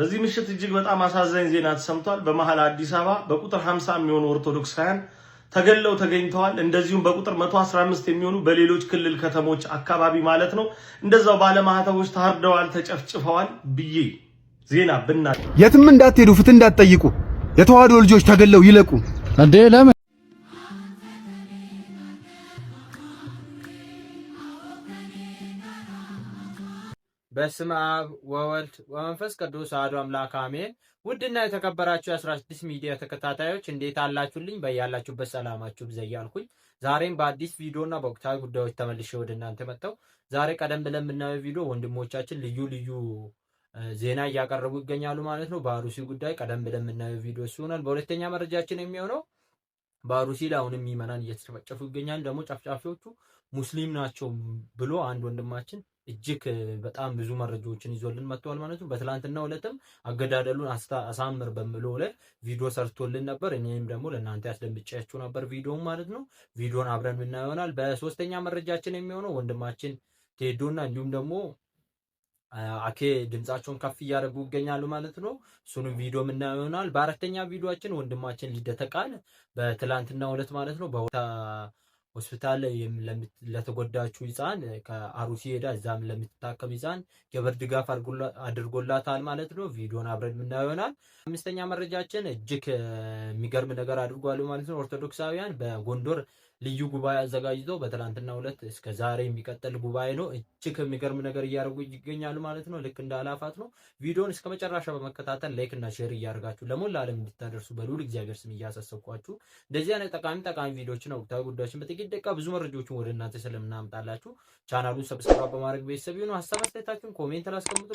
በዚህ ምሽት እጅግ በጣም አሳዛኝ ዜና ተሰምቷል። በመሃል አዲስ አበባ በቁጥር 50 የሚሆኑ ኦርቶዶክሳውያን ተገለው ተገኝተዋል። እንደዚሁም በቁጥር 115 የሚሆኑ በሌሎች ክልል ከተሞች አካባቢ ማለት ነው እንደዛው ባለማህተቦች ታርደዋል፣ ተጨፍጭፈዋል ብዬ ዜና ብና የትም እንዳትሄዱ ፍትህ እንዳትጠይቁ የተዋህዶ ልጆች ተገለው ይለቁ እንዴ ለምን በስም አብ ወወልድ ወመንፈስ ቅዱስ አሐዱ አምላክ አሜን። ውድና የተከበራችሁ የ16 ሚዲያ ተከታታዮች እንዴት አላችሁልኝ? በያላችሁበት ሰላማችሁ ብዛ እያልኩኝ ዛሬም በአዲስ ቪዲዮና በወቅታዊ ጉዳዮች ተመልሼ ወደ እናንተ መጥተው ዛሬ ቀደም ብለን የምናየው ቪዲዮ ወንድሞቻችን ልዩ ልዩ ዜና እያቀረቡ ይገኛሉ ማለት ነው። በአሩሲ ጉዳይ ቀደም ብለን የምናየው ቪዲዮ ሲሆናል። በሁለተኛ መረጃችን የሚሆነው በአሩሲ ላይ አሁንም ምዕመናን እየተጨፈጨፉ ይገኛሉ። ደግሞ ጨፍጫፊዎቹ ሙስሊም ናቸው ብሎ አንድ ወንድማችን እጅግ በጣም ብዙ መረጃዎችን ይዞልን መጥተዋል ማለት ነው። በትላንትና ዕለትም አገዳደሉን አሳምር በሚለው ላይ ቪዲዮ ሰርቶልን ነበር። እኔም ደግሞ ለእናንተ ያስደምጫችሁ ነበር ቪዲዮውን ማለት ነው። ቪዲዮን አብረን ምና ይሆናል። በሶስተኛ መረጃችን የሚሆነው ወንድማችን ቴዶና እንዲሁም ደግሞ አኬ ድምጻቸውን ከፍ እያደረጉ ይገኛሉ ማለት ነው። እሱንም ቪዲዮ ምና ይሆናል። በአራተኛ ቪዲዮችን ወንድማችን ሊደተቃል በትላንትና ዕለት ማለት ነው ሆስፒታል ለተጎዳችው ህፃን ከአሩሲ ሄዳ እዛም ለምትታከም ህፃን ገበር ድጋፍ አድርጎላታል ማለት ነው። ቪዲዮን አብረን የምናየው ይሆናል። አምስተኛ መረጃችን እጅግ የሚገርም ነገር አድርጓል ማለት ነው። ኦርቶዶክሳውያን በጎንደር ልዩ ጉባኤ አዘጋጅቶ በትላንትና ሁለት እስከ ዛሬ የሚቀጥል ጉባኤ ነው። እጅግ የሚገርም ነገር እያደረጉ ይገኛሉ ማለት ነው። ልክ እንደ አላፋት ነው። ቪዲዮን እስከ መጨረሻ በመከታተል ላይክ እና ሼር እያደርጋችሁ ለሞላ ዓለም እንድታደርሱ በልዑል እግዚአብሔር ስም እያሳሰብኳችሁ እንደዚህ አይነት ጠቃሚ ጠቃሚ ቪዲዮዎችን፣ ወቅታዊ ጉዳዮችን በጥቂት ደቂቃ ብዙ መረጃዎችን ወደ እናንተ ስለምናምጣላችሁ ቻናሉን ሰብስክራይብ በማድረግ ቤተሰብ ይሁኑ። ሀሳብ አስተያየታችሁን ኮሜንት ላይ አስቀምጡ።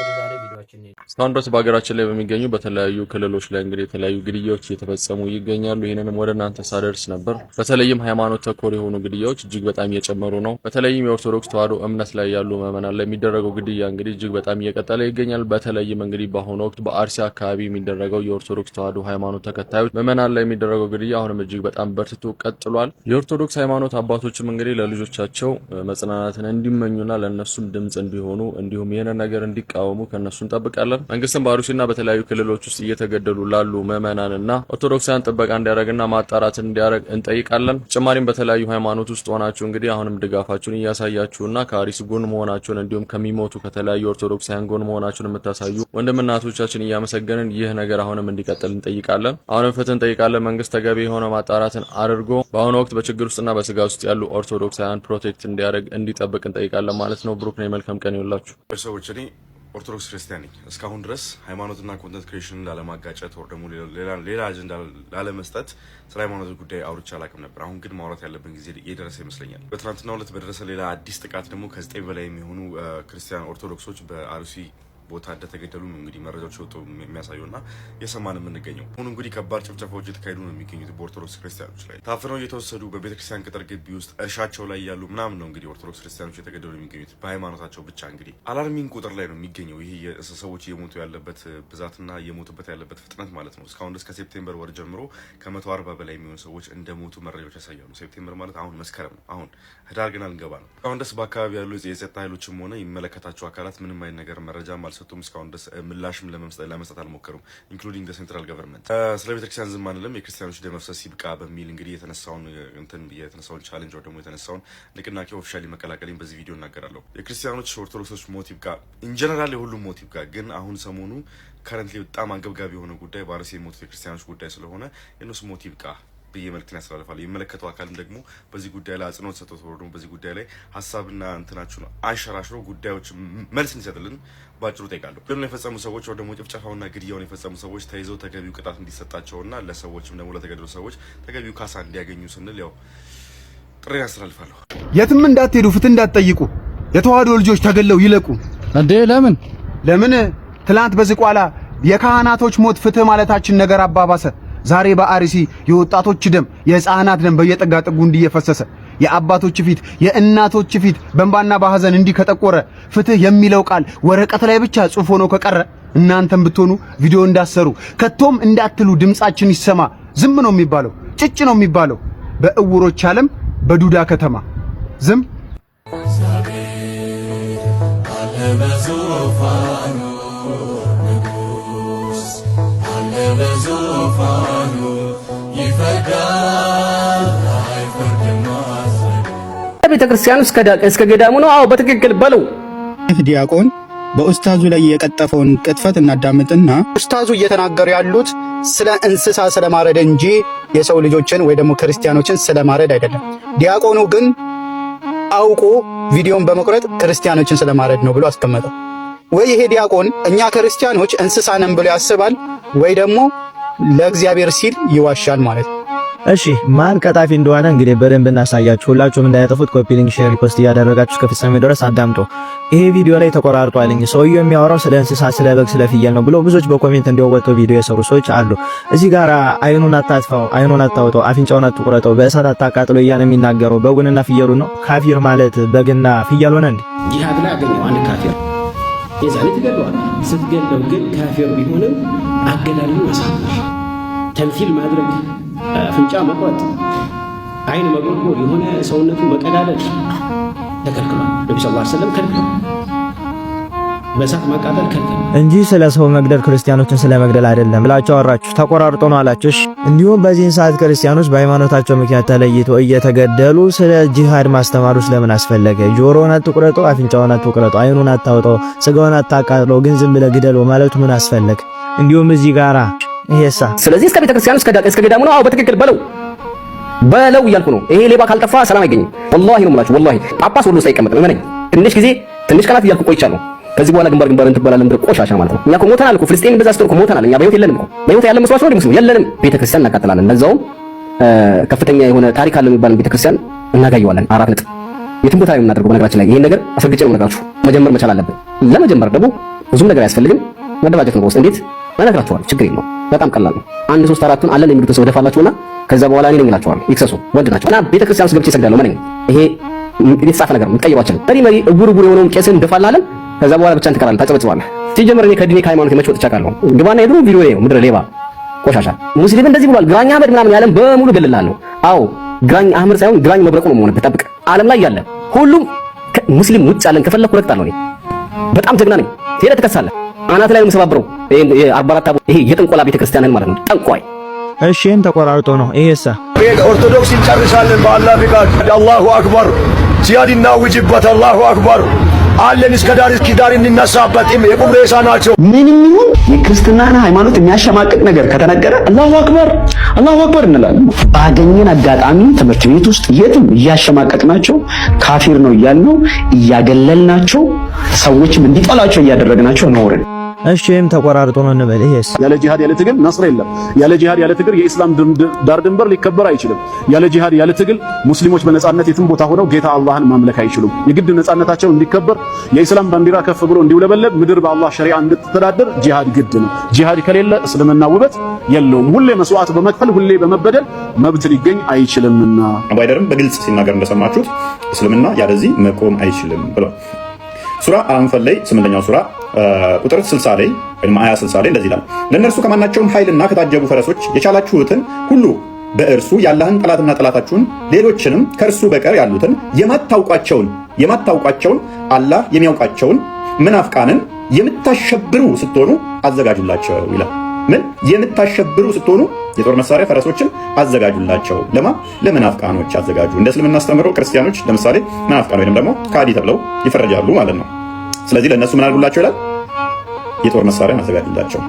ወደ ዛሬ ቪዲዮችን እስካሁን ድረስ በሀገራችን ላይ በሚገኙ በተለያዩ ክልሎች ላይ እንግዲህ የተለያዩ ግድያዎች እየተፈጸሙ ይገኛሉ። ይህንንም ወደ እናንተ ሳደርስ ነበር በተለይም ሃይማኖት ተኮር የሆኑ ግድያዎች እጅግ በጣም እየጨመሩ ነው። በተለይም የኦርቶዶክስ ተዋህዶ እምነት ላይ ያሉ ምዕመናን ላይ የሚደረገው ግድያ እንግዲህ እጅግ በጣም እየቀጠለ ይገኛል። በተለይም እንግዲህ በአሁኑ ወቅት በአርሲ አካባቢ የሚደረገው የኦርቶዶክስ ተዋህዶ ሃይማኖት ተከታዮች ምዕመናን ላይ የሚደረገው ግድያ አሁንም እጅግ በጣም በርትቶ ቀጥሏል። የኦርቶዶክስ ሃይማኖት አባቶችም እንግዲህ ለልጆቻቸው መጽናናትን እንዲመኙና ለእነሱም ድምጽ እንዲሆኑ እንዲሁም ይህንን ነገር እንዲቃወሙ ከእነሱ እንጠብቃለን። መንግስትም በአርሲና በተለያዩ ክልሎች ውስጥ እየተገደሉ ላሉ ምዕመናንና ኦርቶዶክሳውያን ጥበቃ እንዲያደርግና ማጣራትን እንዲያደርግ እንጠይቃለን። በተጨማሪም በተለያዩ ሃይማኖት ውስጥ ሆናችሁ እንግዲህ አሁንም ድጋፋችሁን እያሳያችሁና ከአሪስ ጎን መሆናችሁን እንዲሁም ከሚሞቱ ከተለያዩ ኦርቶዶክሳውያን ጎን መሆናችሁን የምታሳዩ ወንድምናቶቻችን እናቶቻችን እያመሰገንን ይህ ነገር አሁንም እንዲቀጥል እንጠይቃለን። አሁንም ፍትህ እንጠይቃለን። መንግስት ተገቢ የሆነ ማጣራትን አድርጎ በአሁኑ ወቅት በችግር ውስጥና በስጋ ውስጥ ያሉ ኦርቶዶክሳውያን ፕሮቴክት እንዲያደርግ እንዲጠብቅ እንጠይቃለን ማለት ነው። ብሩክ ነው። የመልካም ቀን ይውላችሁ ሰዎች። ኦርቶዶክስ ክርስቲያን ነኝ። እስካሁን ድረስ ሃይማኖትና ኮንተንት ክሬሽንን ላለማጋጨት ወር ደግሞ ሌላ አጀንዳ ላለመስጠት ስለ ሃይማኖት ጉዳይ አውርቼ አላውቅም ነበር። አሁን ግን ማውራት ያለብን ጊዜ የደረሰ ይመስለኛል። በትናንትናው ዕለት በደረሰ ሌላ አዲስ ጥቃት ደግሞ ከዘጠኝ በላይ የሚሆኑ ክርስቲያን ኦርቶዶክሶች በአርሲ ቦታ እንደተገደሉ ነው እንግዲህ መረጃዎች ወጡ የሚያሳዩ ና የሰማን የምንገኘው። አሁን እንግዲህ ከባድ ጭፍጨፋዎች እየተካሄዱ ነው የሚገኙት በኦርቶዶክስ ክርስቲያኖች ላይ ታፍነው እየተወሰዱ በቤተክርስቲያን ቅጥር ግቢ ውስጥ እርሻቸው ላይ ያሉ ምናምን ነው እንግዲህ ኦርቶዶክስ ክርስቲያኖች የተገደሉ የሚገኙት በሃይማኖታቸው ብቻ። እንግዲህ አላርሚንግ ቁጥር ላይ ነው የሚገኘው ይህ ሰዎች እየሞቱ ያለበት ብዛትና እየሞቱበት ያለበት ፍጥነት ማለት ነው። እስካሁን እስከ ሴፕቴምበር ወር ጀምሮ ከመቶ አርባ በላይ የሚሆኑ ሰዎች እንደሞቱ መረጃዎች ያሳያሉ። ሴፕቴምበር ማለት አሁን መስከረም ነው። አሁን ህዳር ግን አልንገባ ነው። እስካሁን ድረስ በአካባቢ ያሉ የጸጥታ ኃይሎችም ሆነ የሚመለከታቸው አካላት ምንም አይነት ነገር መረጃ አልሰጡም። እስካሁን ድረስ ምላሽም ለመስጠት አልሞከሩም። ኢንክሉዲንግ ሴንትራል ገቨርንመንት ስለ ቤተክርስቲያን ዝም አንልም፣ የክርስቲያኖች ደም መፍሰስ ይብቃ በሚል እንግዲህ የተነሳውን እንትን የተነሳውን ቻሌንጅ ወይ ደግሞ የተነሳውን ንቅናቄ ኦፊሻሊ መቀላቀልኝ በዚህ ቪዲዮ እናገራለሁ። የክርስቲያኖች ኦርቶዶክሶች ሞት ይብቃ፣ ኢንጀነራል የሁሉም ሞት ይብቃ። ግን አሁን ሰሞኑ ከረንትሊ በጣም አንገብጋቢ የሆነ ጉዳይ ባረሴ የሞቱት የክርስቲያኖች ጉዳይ ስለሆነ የነሱ ሞት ይብቃ ብዬ መልክትን ያስተላልፋል። የሚመለከተው አካልም ደግሞ በዚህ ጉዳይ ላይ አጽንኦት ሰጥቶ ደግሞ በዚህ ጉዳይ ላይ ሀሳብና እንትናችሁን አንሸራሽሮ ጉዳዮች መልስ እንዲሰጥልን በአጭሩ ጠይቃለሁ። ድርን የፈጸሙ ሰዎች ወደሞ ጭፍጨፋውና ግድያውን የፈጸሙ ሰዎች ተይዘው ተገቢው ቅጣት እንዲሰጣቸውና ለሰዎችም ደግሞ ለተገደሉ ሰዎች ተገቢው ካሳ እንዲያገኙ ስንል ያው ጥሪ ያስተላልፋለሁ። የትም እንዳትሄዱ፣ ፍትህ እንዳትጠይቁ፣ የተዋህዶ ልጆች ተገለው ይለቁ። እንዴ ለምን ለምን? ትላንት በዝቋላ የካህናቶች ሞት ፍትህ ማለታችን ነገር አባባሰ። ዛሬ በአርሲ የወጣቶች ደም፣ የህፃናት ደም በየጠጋ ጥጉ እንዲህ እየፈሰሰ የአባቶች ፊት የእናቶች ፊት በእንባና በሐዘን እንዲህ ከጠቆረ ፍትህ የሚለው ቃል ወረቀት ላይ ብቻ ጽሑፍ ሆኖ ከቀረ እናንተም ብትሆኑ ቪዲዮ እንዳሰሩ ከቶም እንዳትሉ ድምጻችን ይሰማ። ዝም ነው የሚባለው፣ ጭጭ ነው የሚባለው። በእውሮች ዓለም በዱዳ ከተማ ዝም አለ ዙፋኑ ይፈርዳል ቤተ ክርስቲያኑ እስከ ገዳሙ ነው። አዎ በትክክል በለው። ዲያቆን በኡስታዙ ላይ የቀጠፈውን ቅጥፈት እናዳምጥና ኡስታዙ እየተናገሩ ያሉት ስለ እንስሳ ስለማረድ እንጂ የሰው ልጆችን ወይ ደግሞ ክርስቲያኖችን ስለማረድ አይደለም። ዲያቆኑ ግን አውቆ ቪዲዮን በመቁረጥ ክርስቲያኖችን ስለማረድ ነው ብሎ አስቀመጠ። ወይ ይሄ ዲያቆን እኛ ክርስቲያኖች እንስሳ ነን ብሎ ያስባል ወይ ደግሞ ለእግዚአብሔር ሲል ይዋሻል ማለት ነው። እሺ ማን ቀጣፊ እንደሆነ እንግዲህ በደንብ እናሳያችሁ። ሁላችሁም እንዳያጠፉት ኮፒ ሊንክ፣ ሼር፣ ሪፖስት እያደረጋችሁ ከፍጻሜ ድረስ አዳምጡ። ይሄ ቪዲዮ ላይ ተቆራርጧልኝ። ሰውየው የሚያወራው ስለ እንስሳት፣ ስለ በግ፣ ስለ ፍየል ነው ብሎ ብዙዎች በኮሜንት እንዲወጡ ቪዲዮ የሰሩ ሰዎች አሉ። እዚህ ጋር አይኑን አታጥፋው፣ አይኑን አታውጣው፣ አፍንጫውን አትቁረጠው፣ በእሳት አታቃጥለው እያለ የሚናገረው በጉንና ፍየሉ ነው። ካፊር ማለት በግና ፍየል ሆነ እንዴ? ጂሃድ ላይ አገኘው አንድ ካፊር የዛኔ ትገለዋል። ስትገለው ግን ካፌር ቢሆንም አገዳሉ መሳለሽ ተምሲል ማድረግ፣ አፍንጫ መቁረጥ፣ አይን መጎርጎር፣ የሆነ ሰውነቱ መቀዳደድ ተከልክሏል። ነቢ ስ ሰለም ከልክሏል። በእሳት ማቃጠል ከልክል እንጂ ስለ ሰው መግደል ክርስቲያኖችን ስለ መግደል አይደለም ብላችሁ አወራችሁ። ተቆራርጦ ነው አላችሁ። እንዲሁም በዚህን ሰዓት ክርስቲያኖች በሃይማኖታቸው ምክንያት ተለይቶ እየተገደሉ ስለ ጂሃድ ማስተማሩ ስለምን አስፈለገ? ጆሮውን አትቁረጠው፣ አፍንጫውን አትቁረጠው፣ አይኑን አታውጠው፣ ስጋውን አታቃጥለው፣ ግን ዝም ብለ ግደሉ ማለቱ ምን አስፈለግ? እንዲሁም እዚህ ጋራ ይሄሳ ስለዚህ እስከ ቤተክርስቲያኑ እስከ ገዳሙ ነው። አዎ በትክክል በለው በለው እያልኩ ነው። ይሄ ሌባ ካልጠፋ ሰላም አይገኝም። ወላሂ ነው የምላችሁ። ወላሂ ጳጳስ ሁሉ ውስጥ አይቀመጥም። እመነኝ። ትንሽ ጊዜ ትንሽ ቀናት እያልኩ ቆይቻለሁ። ከዚህ በኋላ ግንባር ግንባር ትባላለን ብለህ ቆሻሻ ማለት ነው። እኛ እኮ ሞተናል እኮ ፍልስጤም በዛ ስትል እኮ ሞተናል። እኛ በህይወት የለንም እኮ በህይወት ያለ መስዋዕት ነው ሙስሊም የለንም። ቤተክርስቲያን እናቃጥላለን። ለዛውም ከፍተኛ የሆነ ታሪክ አለ የሚባል ቤተክርስቲያን እናጋየዋለን። አራት ነጥብ የትም ቦታ የምናደርገው በነገራችን ላይ ይሄን ነገር አስረግጬ ነው የምነግራችሁ። መጀመር መቻል አለብን። ለመጀመር ደግሞ ብዙም ነገር አያስፈልግም። መደራጀት ነው በውስጥ እንዴት እነግራችኋለሁ። ችግር የለውም። በጣም ቀላል ነው። አንድ ሶስት አራቱን አለን የሚሉት ሰው ደፋላችሁና ከዛ በኋላ እኔ ነኝ እላችኋለሁ። ይክሰሱ ወንድ ናቸው እና ክርስቲያን ውስጥ ገብቼ እሰግዳለሁ ማለት ነው። ይሄ የተጻፈ ነገር ነው። የምትቀይሯቸው መሪ መሪ እውር እውር የሆነውን ቄስን ደፋላለን ከዛ በኋላ ብቻ ትቀራለህ፣ ታጨበጭባለህ። ሲጀምር እኔ ከዲኔ ከሃይማኖት የመች ወጥቼ አውቃለሁ? ግባና የድሮ ቪዲዮ ነው ምድረ ሌባ ቆሻሻ ሙስሊም እንደዚህ ብሏል። ግራኝ አህመድ ምናምን ያለም በሙሉ ገልላለሁ። አዎ ግራኝ አህመድ ሳይሆን ግራኝ መብረቁ ነው መሆንበት። ጠብቅ፣ ዓለም ላይ ያለ ሁሉም ሙስሊም ውጭ ያለን ከፈለኩ ረግጣለሁ። እኔ በጣም ጀግና ነኝ። ሄደህ ትከሳለህ። አናት ላይ ነው የምሰባብረው። ይሄ አርባ አራት ይሄ የጥንቆላ ቤተክርስቲያንን ማለት ነው። ጠንቋይ እሺ ይህን ተቆራርጦ ነው ይሄሳ ኦርቶዶክስ እንጨርሳለን። በአላህ ፍቃድ አላሁ አክበር ሲያድና ውጅበት አላሁ አክበር አለን እስከ ዳር እስኪ ዳር እንነሳበት የቁም ሬሳ ናቸው። ምንም ይሁን የክርስትናን ሃይማኖት የሚያሸማቅቅ ነገር ከተነገረ አላሁ አክበር አላሁ አክበር እንላለን። ባገኘን አጋጣሚ ትምህርት ቤት ውስጥ የትም ናቸው፣ ካፊር ነው እያልነው ናቸው ሰዎችም እንዲጠላቸው እያደረግናቸው ነውርን እሺ ይሄም ተቆራርጦ ነው እንበል። ይሄስ ያለ ጂሃድ ያለ ትግል ነስር የለም። ያለ ጂሃድ ያለ ትግል የኢስላም ዳር ድንበር ሊከበር አይችልም። ያለ ጂሃድ ያለ ትግል ሙስሊሞች በነጻነት የትም ቦታ ሆነው ጌታ አላህን ማምለክ አይችሉም። የግድ ነጻነታቸው እንዲከበር የኢስላም ባንዲራ ከፍ ብሎ እንዲውለበለብ ምድር በአላህ ሸሪዓ እንድትተዳደር ጂሃድ ግድ ነው። ጂሃድ ከሌለ እስልምና ውበት የለውም። ሁሌ መስዋዕት በመክፈል ሁሌ በመበደል መብት ሊገኝ አይችልምና አባይደርም በግልጽ ሲናገር እንደሰማችሁት እስልምና ያለዚህ መቆም አይችልም ብሏል። ሱራ አንፈል ላይ ስምንተኛው ሱራ ቁጥር 60 ላይ ወይም አያ 60 ላይ እንደዚህ ይላል፣ ለእነርሱ ከማናቸውም ኃይልና ከታጀቡ ፈረሶች የቻላችሁትን ሁሉ በእርሱ ያላህን ጠላትና ጠላታችሁን ሌሎችንም ከእርሱ በቀር ያሉትን የማታውቋቸውን የማታውቋቸውን አላህ የሚያውቃቸውን ምናፍቃንን የምታሸብሩ ስትሆኑ አዘጋጁላቸው ይላል። ምን የምታሸብሩ ስትሆኑ የጦር መሳሪያ ፈረሶችን አዘጋጁላቸው። ለማ ለምናፍቃኖች አዘጋጁ። እንደ እስልምና ክርስቲያኖች ለምሳሌ ምናፍቃን ወይም ደግሞ ካዲ ተብለው ይፈረጃሉ ማለት ነው። ስለዚህ ለእነሱ ምን አድርጉላቸው ይላል? የጦር መሳሪያ አዘጋጁላቸው።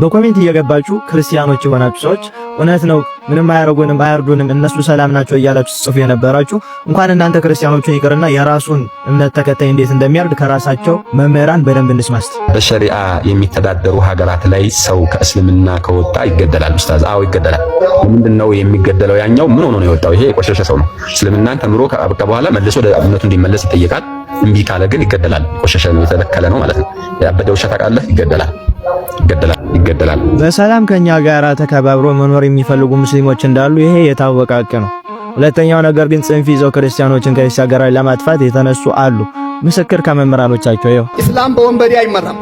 በኮሜንት እየገባችሁ ክርስቲያኖች የሆናችሁ ሰዎች እውነት ነው፣ ምንም አያረጉንም፣ አያርዱንም፣ እነሱ ሰላም ናቸው እያላችሁ ጽፉ የነበራችሁ እንኳን እናንተ ክርስቲያኖቹን ይቅርና የራሱን እምነት ተከታይ እንዴት እንደሚያርድ ከራሳቸው መምህራን በደንብ እንስማስት። በሸሪዓ የሚተዳደሩ ሀገራት ላይ ሰው ከእስልምና ከወጣ ይገደላል። ኡስታዝ፣ አዎ ይገደላል። ምንድን ነው የሚገደለው? ያኛው ምን ሆኖ ነው የወጣው? ይሄ የቆሸሸ ሰው ነው። እስልምናን ተምሮ ከበቃ በኋላ መልሶ ወደ እምነቱ እንዲመለስ ይጠየቃል። እምቢ ካለ ግን ይገደላል። ቆሸሸ የተበከለ ነው ማለት ነው። ያበደ ውሻ ታውቃለህ፣ ይገደላል ይገደላል ይገደላል። በሰላም ከኛ ጋር ተከባብሮ መኖር የሚፈልጉ ሙስሊሞች እንዳሉ ይሄ የታወቀ ሀቅ ነው። ሁለተኛው ነገር ግን ጽንፍ ይዘው ክርስቲያኖችን ከዚህ ጋር ለማጥፋት የተነሱ አሉ። ምስክር ከመምህራኖቻቸው ይኸው። ኢስላም በወንበዴ አይመራም።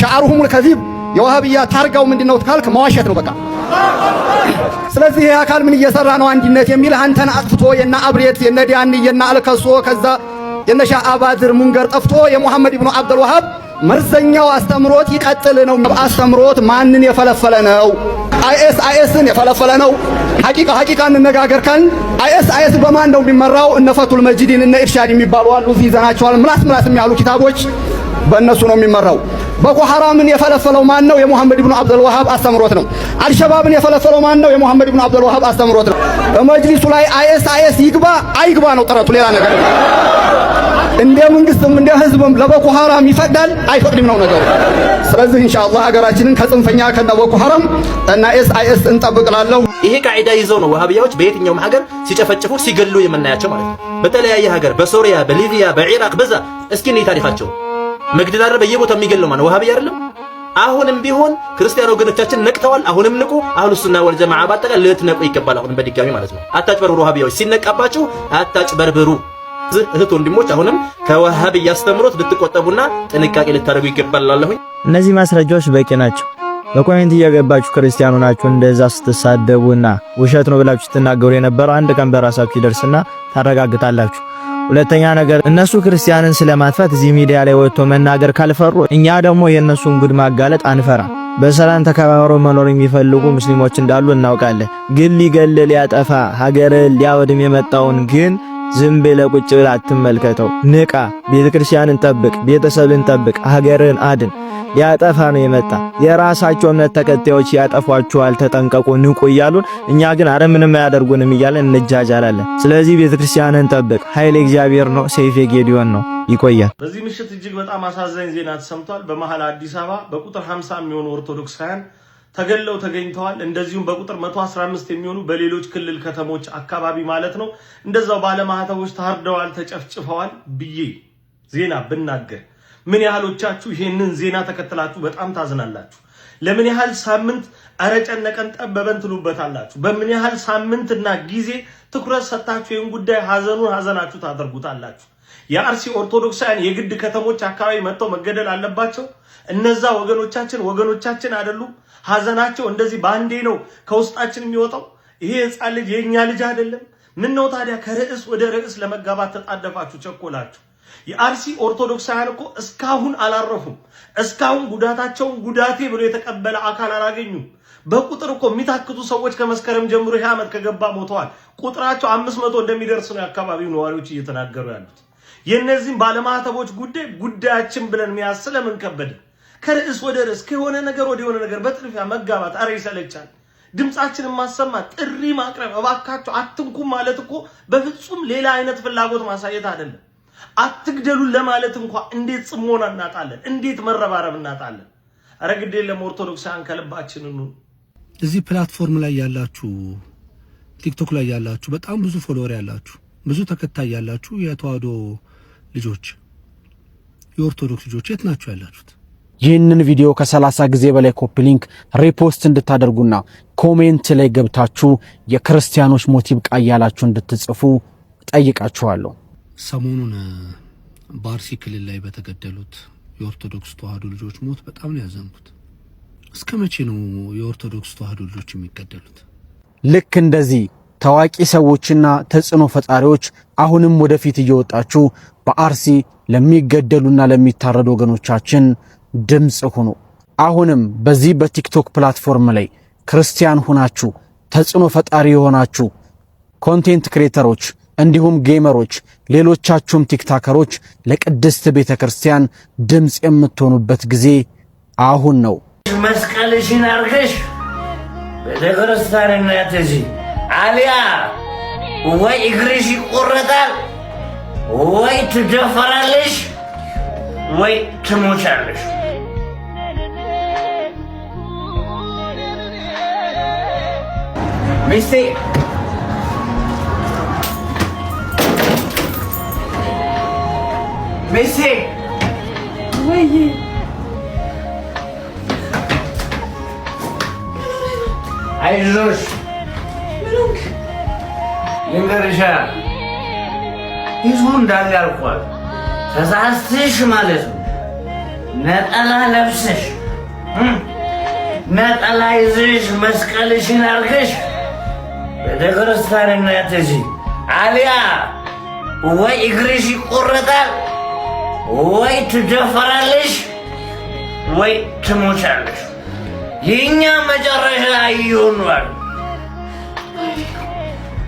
ሻዕሩሁም ከዚህ የዋህብያ ታርጋው ምንድነው ካልክ መዋሸት ነው በቃ ስለዚህ ይሄ አካል ምን እየሰራ ነው? አንድነት የሚል አንተን አጥፍቶ የነ አብሬት የነ ዲያን የነ አልከሶ ከዛ የነሻ አባድር ሙንገር ጠፍቶ የሙሐመድ ኢብኑ አብዱል ወሃብ መርዘኛው አስተምሮት ይቀጥል ነው። አስተምሮት ማንን የፈለፈለ ነው? አይኤስ አይኤስን የፈለፈለ ነው። ሐቂቃ ሐቂቃ እንነጋገር ካልን አይኤስ አይኤስ በማን ነው የሚመራው? እነ ፈቱል መጅዲን እነ ኢርሻድ የሚባሉ አሉ። ይዘናቸዋል። ምላስ ምላስ የሚያሉ ኪታቦች በእነሱ ነው የሚመራው። ቦኮ ሐራምን የፈለፈለው ማን ነው? የሙሐመድ ኢብኑ አብዱል ወሃብ አስተምሮት ነው። አልሸባብን የፈለፈለው ማን ነው? የሙሐመድ ኢብኑ አብዱል ወሃብ አስተምሮት ነው። በመጅሊሱ ላይ አይኤስ አይኤስ ይግባ አይግባ ነው ጥረቱ፣ ሌላ ነገር እንደ መንግስትም እንደ ህዝብም ለቦኮ ሐራም ይፈቅዳል አይፈቅድም ነው ነገሩ። ስለዚህ ኢንሻአላህ ሀገራችንን ከጽንፈኛ ከነ ቦኮ ሐራም እና ኤስ አይኤስ እንጠብቅላለሁ። ይሄ ቃዒዳ ይዘው ነው ወሃቢያዎች በየትኛውም ሀገር ሲጨፈጭፉ ሲገሉ የምናያቸው ማለት ነው። በተለያየ ሀገር በሶሪያ፣ በሊቢያ፣ በኢራቅ በዛ እስኪ እኔ ታሪካቸው መግደል አይደል በየቦታው የሚገለው ማነው? ወሃቢ አይደለም? አሁንም ቢሆን ክርስቲያን ወገኖቻችን ነቅተዋል። አሁንም ንቁ። አህሉ ሱና ወል ጀማዓ ባጠቃላይ ልትነቁ ይገባል። አሁንም በድጋሚ ማለት ነው። አታጭበርብሩ ወሃቢያዎች፣ ሲነቃባችሁ አታጭበርብሩ። እህት ወንድሞች፣ አሁንም ከወሃቢያ አስተምሮት ልትቆጠቡና ጥንቃቄ ልታደርጉ ይገባል። ላለሁኝ እነዚህ ማስረጃዎች በቂ ናቸው። በኮሜንት እየገባችሁ ክርስቲያኑ ናችሁ እንደዛ ስትሳደቡና ውሸት ነው ብላችሁ ስትናገሩ የነበረው አንድ ቀን በራሳችሁ ይደርስና ታረጋግጣላችሁ። ሁለተኛ ነገር እነሱ ክርስቲያንን ስለማጥፋት እዚህ ሚዲያ ላይ ወጥቶ መናገር ካልፈሩ እኛ ደግሞ የእነሱን ጉድ ማጋለጥ አንፈራ በሰላም ተከባብሮ መኖር የሚፈልጉ ሙስሊሞች እንዳሉ እናውቃለን። ግን ሊገል ሊያጠፋ ሀገር ሊያወድም የመጣውን ግን ዝም ብለ ቁጭ ብለህ አትመልከተው። ንቃ። ቤተክርስቲያንን ጠብቅ፣ ቤተሰብን ጠብቅ፣ ሀገርን አድን። ያጠፋ ነው የመጣ። የራሳቸው እምነት ተከታዮች ያጠፏቸዋል፣ ተጠንቀቁ፣ ንቁ እያሉን እኛ ግን አረ ምንም አያደርጉንም እያለን እንጃጃላለን። ስለዚህ ቤተክርስቲያንን ጠብቅ። ኃይል እግዚአብሔር ነው፣ ሰይፍ ጌዲዮን ነው። ይቆያል። በዚህ ምሽት እጅግ በጣም አሳዛኝ ዜና ተሰምቷል። በመሀል አዲስ አበባ በቁጥር 50 የሚሆኑ ኦርቶዶክሳውያን ተገለው ተገኝተዋል። እንደዚሁም በቁጥር 115 የሚሆኑ በሌሎች ክልል ከተሞች አካባቢ ማለት ነው እንደዛው ባለማህተቦች ታርደዋል፣ ተጨፍጭፈዋል ብዬ ዜና ብናገር ምን ያህሎቻችሁ ይሄንን ዜና ተከትላችሁ በጣም ታዝናላችሁ? ለምን ያህል ሳምንት እረ ጨነቀን ጠበበን ትሉበታላችሁ? በምን ያህል ሳምንትና ጊዜ ትኩረት ሰጥታችሁ ይህን ጉዳይ ሀዘኑን ሀዘናችሁ ታደርጉታላችሁ? የአርሲ ኦርቶዶክሳውያን የግድ ከተሞች አካባቢ መጥተው መገደል አለባቸው? እነዛ ወገኖቻችን ወገኖቻችን አይደሉም? ሀዘናቸው እንደዚህ በአንዴ ነው ከውስጣችን የሚወጣው? ይሄ ህፃን ልጅ የእኛ ልጅ አይደለም? ምን ነው ታዲያ ከርዕስ ወደ ርዕስ ለመጋባት ተጣደፋችሁ ቸኮላችሁ? የአርሲ ኦርቶዶክሳውያን እኮ እስካሁን አላረፉም። እስካሁን ጉዳታቸውን ጉዳቴ ብሎ የተቀበለ አካል አላገኙም። በቁጥር እኮ የሚታክቱ ሰዎች ከመስከረም ጀምሮ ይህ ዓመት ከገባ ሞተዋል። ቁጥራቸው አምስት መቶ እንደሚደርስ ነው የአካባቢው ነዋሪዎች እየተናገሩ ያሉት። የእነዚህም ባለማህተቦች ጉዳይ ጉዳያችን ብለን የሚያስ ለምን ከበደ? ከርዕስ ወደ ርዕስ ከሆነ ነገር ወደ የሆነ ነገር በጥድፊያ መጋባት አረ ይሰለቻል። ድምፃችንን ማሰማት፣ ጥሪ ማቅረብ፣ እባካቸው አትንኩም ማለት እኮ በፍጹም ሌላ አይነት ፍላጎት ማሳየት አይደለም። አትግደሉን ለማለት እንኳ እንዴት ጽሞና እናጣለን? እንዴት መረባረብ እናጣለን? ኧረ ግድ የለም ከልባችን እንሁን። እዚህ ፕላትፎርም ላይ ያላችሁ፣ ቲክቶክ ላይ ያላችሁ፣ በጣም ብዙ ፎሎወር ያላችሁ፣ ብዙ ተከታይ ያላችሁ የተዋህዶ ልጆች፣ የኦርቶዶክስ ልጆች የት ናችሁ ያላችሁት? ይህንን ቪዲዮ ከ30 ጊዜ በላይ ኮፒ ሊንክ ሪፖስት እንድታደርጉና ኮሜንት ላይ ገብታችሁ የክርስቲያኖች ሞቲቭ ቃያላችሁ እንድትጽፉ ጠይቃችኋለሁ። ሰሞኑን በአርሲ ክልል ላይ በተገደሉት የኦርቶዶክስ ተዋህዶ ልጆች ሞት በጣም ነው ያዘንኩት። እስከ መቼ ነው የኦርቶዶክስ ተዋህዶ ልጆች የሚገደሉት? ልክ እንደዚህ ታዋቂ ሰዎችና ተጽዕኖ ፈጣሪዎች አሁንም ወደፊት እየወጣችሁ በአርሲ ለሚገደሉና ለሚታረዱ ወገኖቻችን ድምፅ ሁኑ። አሁንም በዚህ በቲክቶክ ፕላትፎርም ላይ ክርስቲያን ሁናችሁ ተጽዕኖ ፈጣሪ የሆናችሁ ኮንቴንት ክሬተሮች እንዲሁም ጌመሮች ሌሎቻችሁም ቲክታከሮች ለቅድስት ቤተ ክርስቲያን ድምፅ የምትሆኑበት ጊዜ አሁን ነው። መስቀልሽን አርገሽ ቤተ ክርስቲያን እናትሽ አሊያ ወይ እግርሽ ይቆረጣል፣ ወይ ትደፈራለሽ፣ ወይ ትሞቻለሽ። ሚስቴ ሜሴ ወይ አይዞሽ ልንገርሻ ህዝቡ እንዳለ ያልኳል። ተሳስተሽ ማለት ነው። ነጠላ ለብሰሽ ነጠላ ይዘሽ መስቀልሽን አድርገሽ ቤተክርስቲያን እናትሽ አሊያ ወይ እግርሽ ይቆረጣል ወይ ትደፈራለሽ ወይ ትሞቻለሽ። የእኛ መጨረሻ ይሆኗል።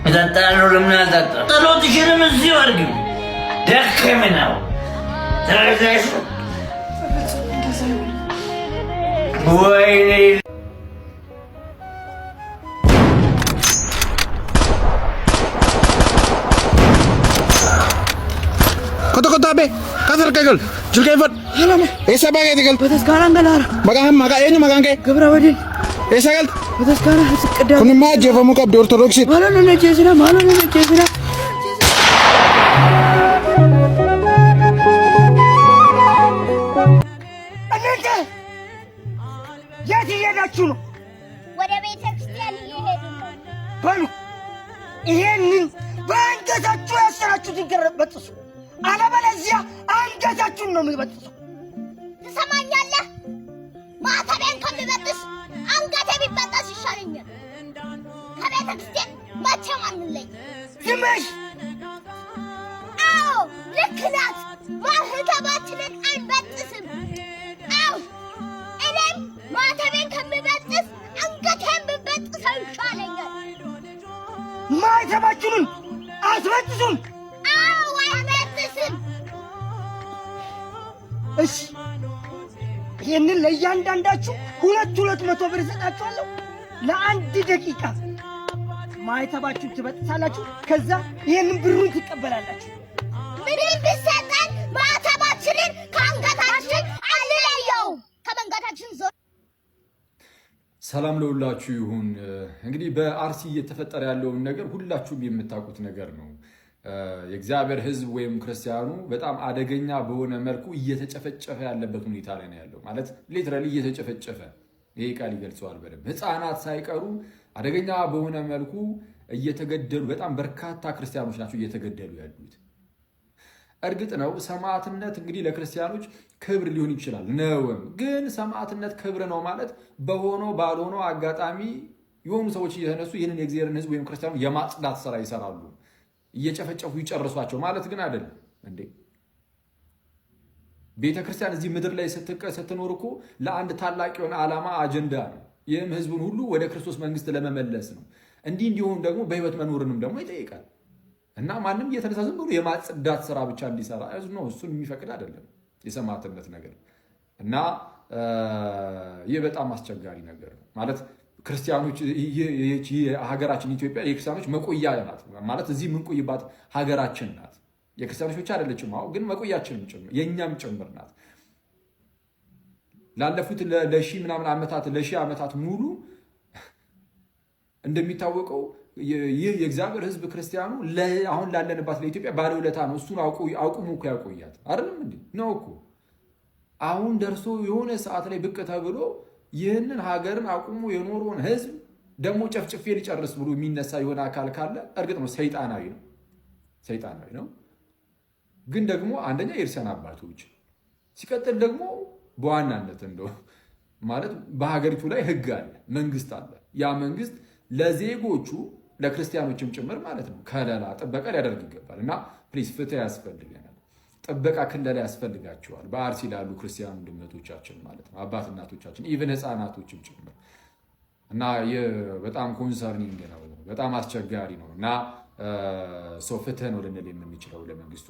እጠጣለሁ ለምን አልጠጣ ጸሎትሽንም እዚሁ አድርጊው። ደከመኝ ነው ተረዳሽ ወይ? ቆጠቆጣ ቤ Kasar kagal, julkaivat. Alam eh. Esa bagay tigal. Patas karang galar. Magaham maga enyu magang ke. Gabrawadi. Esa gal. Patas karang sikda. Kuni ma jefa muka abdi orthodoxi. Malo nene chesira, malo nene chesira. የት እየሄዳችሁ ነው? ወደ ቤተ ክርስቲያን እየሄዱ ነው። በሉ ይሄንን በአንገታችሁ ያሰራችሁትን ገረበጥሱ አለበለዚያ እጃጃችሁን ነው የሚበጥሰው። ትሰማኛለህ? ማዕተቤን ከሚበጥስ አንገቴ ቢበጠስ ይሻለኛል። ከቤተ ክርስቲያን መቼም አንለይ። ዝምሽ። አዎ ልክ ናት። ማህተባችንን አንበጥስም። አዎ እኔም ማዕተቤን ከሚበጥስ አንገቴን ብበጥሰው ይሻለኛል። ማህተባችንን አስበጥሱን። እሺ ይህንን ለእያንዳንዳችሁ ሁለት ሁለት መቶ ብር እሰጣችኋለሁ። ለአንድ ደቂቃ ማይተባችሁን ትበጥታላችሁ። ከዛ ይህንን ብሩን ትቀበላላችሁ። ምንም ብሰጠን ማተባችንን ከአንገታችን አልለየው ከመንገታችን ዞ ሰላም ለሁላችሁ ይሁን። እንግዲህ በአርሲ እየተፈጠረ ያለውን ነገር ሁላችሁም የምታውቁት ነገር ነው። የእግዚአብሔር ሕዝብ ወይም ክርስቲያኑ በጣም አደገኛ በሆነ መልኩ እየተጨፈጨፈ ያለበት ሁኔታ ላይ ነው ያለው። ማለት ሊትራሊ እየተጨፈጨፈ ይሄ ቃል ይገልጸዋል በደንብ ሕፃናት ሳይቀሩ አደገኛ በሆነ መልኩ እየተገደሉ በጣም በርካታ ክርስቲያኖች ናቸው እየተገደሉ ያሉት። እርግጥ ነው ሰማዕትነት እንግዲህ ለክርስቲያኖች ክብር ሊሆን ይችላል ነውም። ግን ሰማዕትነት ክብር ነው ማለት በሆነው ባልሆነው አጋጣሚ የሆኑ ሰዎች እየተነሱ ይህንን የእግዚአብሔርን ሕዝብ ወይም ክርስቲያኑ የማጽዳት ስራ ይሰራሉ። እየጨፈጨፉ ይጨርሷቸው ማለት ግን አይደለም እንዴ። ቤተ ክርስቲያን እዚህ ምድር ላይ ስትኖር እኮ ለአንድ ታላቅ የሆነ ዓላማ አጀንዳ ነው። ይህም ህዝቡን ሁሉ ወደ ክርስቶስ መንግስት ለመመለስ ነው። እንዲህ እንዲሆን ደግሞ በህይወት መኖርንም ደግሞ ይጠይቃል እና ማንም እየተነሳ ዝም ብሎ የማጽዳት ስራ ብቻ እንዲሰራ ነው እሱን የሚፈቅድ አይደለም የሰማዕትነት ነገር እና ይህ በጣም አስቸጋሪ ነገር ነው ማለት ክርስቲያኖች ሀገራችን ኢትዮጵያ የክርስቲያኖች መቆያ ናት። ማለት እዚህ የምንቆይባት ሀገራችን ናት። የክርስቲያኖች ብቻ አይደለችም፣ አሁ ግን መቆያችን ጭምር የእኛም ጭምር ናት። ላለፉት ለሺ ምናምን ዓመታት ለሺ ዓመታት ሙሉ እንደሚታወቀው ይህ የእግዚአብሔር ሕዝብ ክርስቲያኑ አሁን ላለንባት ለኢትዮጵያ ባለውለታ ነው። እሱን አቁሙ እኮ ያቆያት አይደለም እንዴ ነው እኮ አሁን ደርሶ የሆነ ሰዓት ላይ ብቅ ተብሎ ይህንን ሀገርን አቁሞ የኖረውን ህዝብ ደግሞ ጨፍጭፌ ሊጨርስ ብሎ የሚነሳ የሆነ አካል ካለ እርግጥ ነው ሰይጣናዊ ነው፣ ሰይጣናዊ ነው። ግን ደግሞ አንደኛ የእርሰን አባቶች ሲቀጥል ደግሞ በዋናነት እንደው ማለት በሀገሪቱ ላይ ህግ አለ፣ መንግስት አለ። ያ መንግስት ለዜጎቹ ለክርስቲያኖችም ጭምር ማለት ነው ከለላ ጥበቃ ሊያደርግ ይገባል። እና ፕሊስ ፍትህ ያስፈልገናል። ጥበቃ ክለላ ያስፈልጋቸዋል። በአርሲ ላሉ ክርስቲያን ወንድሞቻችን ማለት ነው አባት እናቶቻችን፣ ኢቨን ህፃናቶችም ጭምር እና በጣም ኮንሰርኒንግ ነው፣ በጣም አስቸጋሪ ነው እና ሰው ፍትህን ወደ ንል የምንችለው ለመንግስቱ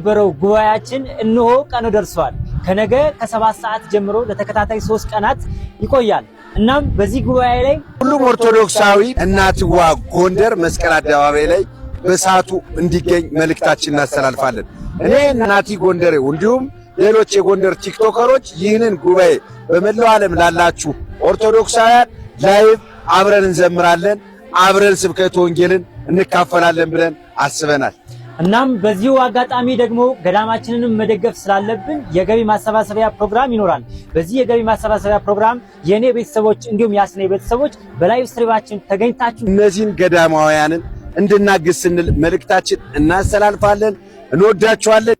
ነበረው ጉባኤያችን እንሆ ቀኑ ደርሷል። ከነገ ከሰባት ሰዓት ጀምሮ ለተከታታይ ሶስት ቀናት ይቆያል። እናም በዚህ ጉባኤ ላይ ሁሉም ኦርቶዶክሳዊ እናትዋ ጎንደር መስቀል አደባባይ ላይ በሰዓቱ እንዲገኝ መልእክታችን እናስተላልፋለን። እኔ ናቲ ጎንደሬው እንዲሁም ሌሎች የጎንደር ቲክቶከሮች ይህንን ጉባኤ በመላው ዓለም ላላችሁ ኦርቶዶክሳውያን ላይቭ አብረን እንዘምራለን፣ አብረን ስብከተ ወንጌልን እንካፈላለን ብለን አስበናል። እናም በዚሁ አጋጣሚ ደግሞ ገዳማችንንም መደገፍ ስላለብን የገቢ ማሰባሰቢያ ፕሮግራም ይኖራል። በዚህ የገቢ ማሰባሰቢያ ፕሮግራም የእኔ ቤተሰቦች እንዲሁም የአስኔ ቤተሰቦች በላይቭ ስትሪማችን ተገኝታችሁ እነዚህን ገዳማውያንን እንድናግዝ ስንል መልእክታችን እናስተላልፋለን። እንወዳችኋለን።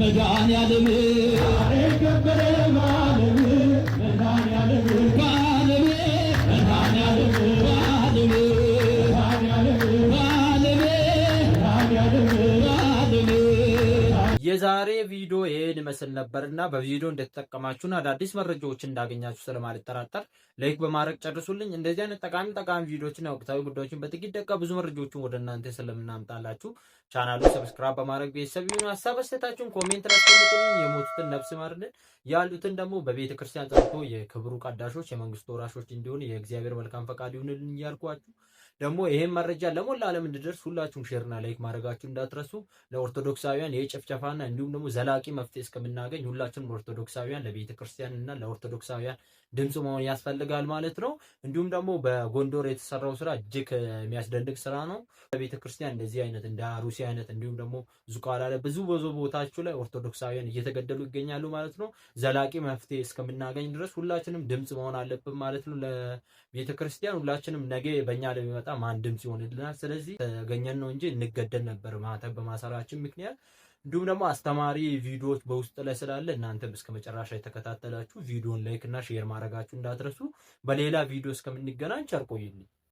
መድኃኔዓለም የዛሬ ቪዲዮ ይህን ይመስል ነበር እና በቪዲዮ እንደተጠቀማችሁና አዳዲስ መረጃዎች እንዳገኛችሁ ስለማልጠራጠር ላይክ በማድረግ ጨርሱልኝ። እንደዚህ አይነት ጠቃሚ ጠቃሚ ቪዲዮዎችን ወቅታዊ ጉዳዮችን በጥቂት ደቂቃ ብዙ መረጃዎችን ወደ እናንተ ስለምናምጣላችሁ ቻናሉን ሰብስክራይብ በማድረግ ቤተሰብ ይሁኑ። ሀሳብ አስተያየታችሁን ኮሜንት ላይ አስቀምጡልኝ። የሞቱትን ነፍስ ይማርልን ያሉትን ደግሞ በቤተ ክርስቲያን ጸንቶ የክብሩ ቀዳሾች የመንግስት ወራሾች እንዲሆን የእግዚአብሔር መልካም ፈቃድ ይሁንልን እያልኳችሁ ደግሞ ይሄን መረጃ ለሞላ ዓለም እንድደርስ ሁላችሁም ሼርና ላይክ ማድረጋችሁ እንዳትረሱ። ለኦርቶዶክሳውያን የጭፍጨፋና እንዲሁም ደግሞ ዘላቂ መፍትሄ እስከምናገኝ ሁላችንም ኦርቶዶክሳውያን ለቤተ ክርስቲያን እና ለኦርቶዶክሳውያን ድምፅ መሆን ያስፈልጋል ማለት ነው። እንዲሁም ደግሞ በጎንደር የተሰራው ስራ እጅግ የሚያስደንቅ ስራ ነው። ለቤተ ክርስቲያን እንደዚህ አይነት እንደ አሩሲ አይነት እንዲሁም ደግሞ ዙቃላ ላይ ብዙ ብዙ ቦታችሁ ላይ ኦርቶዶክሳውያን እየተገደሉ ይገኛሉ ማለት ነው። ዘላቂ መፍትሄ እስከምናገኝ ድረስ ሁላችንም ድምፅ መሆን አለብን ማለት ነው። ለቤተ ክርስቲያን ሁላችንም ነገ በእኛ ለሚመጣ በጣም አንድም ሲሆንልናል። ስለዚህ ተገኘን ነው እንጂ እንገደል ነበር ማተብ በማሰራችን ምክንያት። እንዲሁም ደግሞ አስተማሪ ቪዲዮዎች በውስጥ ላይ ስላለ እናንተም እስከ መጨረሻ የተከታተላችሁ ቪዲዮን ላይክ እና ሼር ማድረጋችሁ እንዳትረሱ። በሌላ ቪዲዮ እስከምንገናኝ ቸር ቆዩልኝ።